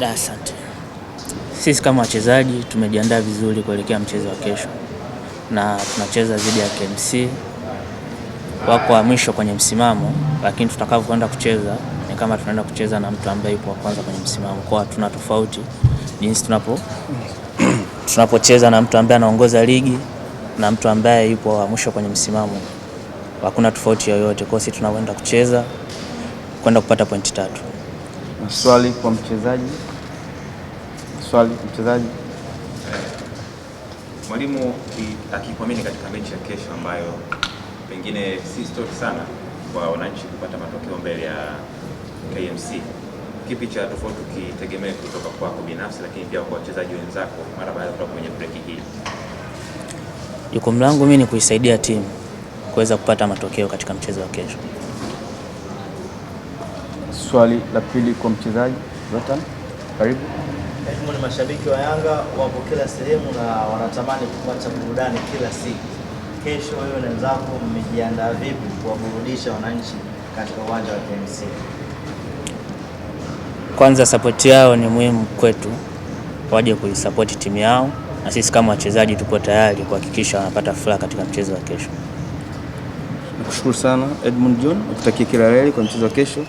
Da, asante. Sisi kama wachezaji tumejiandaa vizuri kuelekea mchezo wa kesho, na tunacheza dhidi ya KMC, wako wa mwisho kwenye msimamo, lakini tutakavyoenda kucheza ni kama tunaenda kucheza na mtu ambaye yupo wa kwanza kwenye msimamo, kwa tuna tofauti jinsi tunapo tunapocheza na mtu ambaye anaongoza ligi na mtu ambaye yupo wa mwisho kwenye msimamo, hakuna tofauti yoyote. Kwa sisi tunaenda kucheza kwenda kupata pointi tatu. Maswali kwa mchezaji swali mchezaji. Mwalimu akikwamini katika mechi ya kesho ambayo pengine si stori sana kwa wananchi kupata matokeo mbele ya KMC, kipi cha tofauti ukitegemea kutoka kwako binafsi, lakini pia kwa wachezaji wenzako mara baada ya kutoka kwenye breki hii? Jukumu langu mimi ni kuisaidia timu kuweza kupata matokeo katika mchezo wa kesho. Swali la pili kwa mchezaji Zlatan, karibu ni mashabiki wa Yanga wapo kila sehemu na wanatamani kupata burudani kila siku. Kesho wewe na wenzako mmejiandaa vipi kuwaburudisha wananchi katika uwanja wa KMC? Kwanza sapoti yao ni muhimu kwetu, waje kuisapoti timu yao, na sisi kama wachezaji tupo tayari kuhakikisha wanapata furaha katika mchezo wa kesho. Nakushukuru sana Edmund John, nakutakia kila la heri kwa mchezo wa kesho.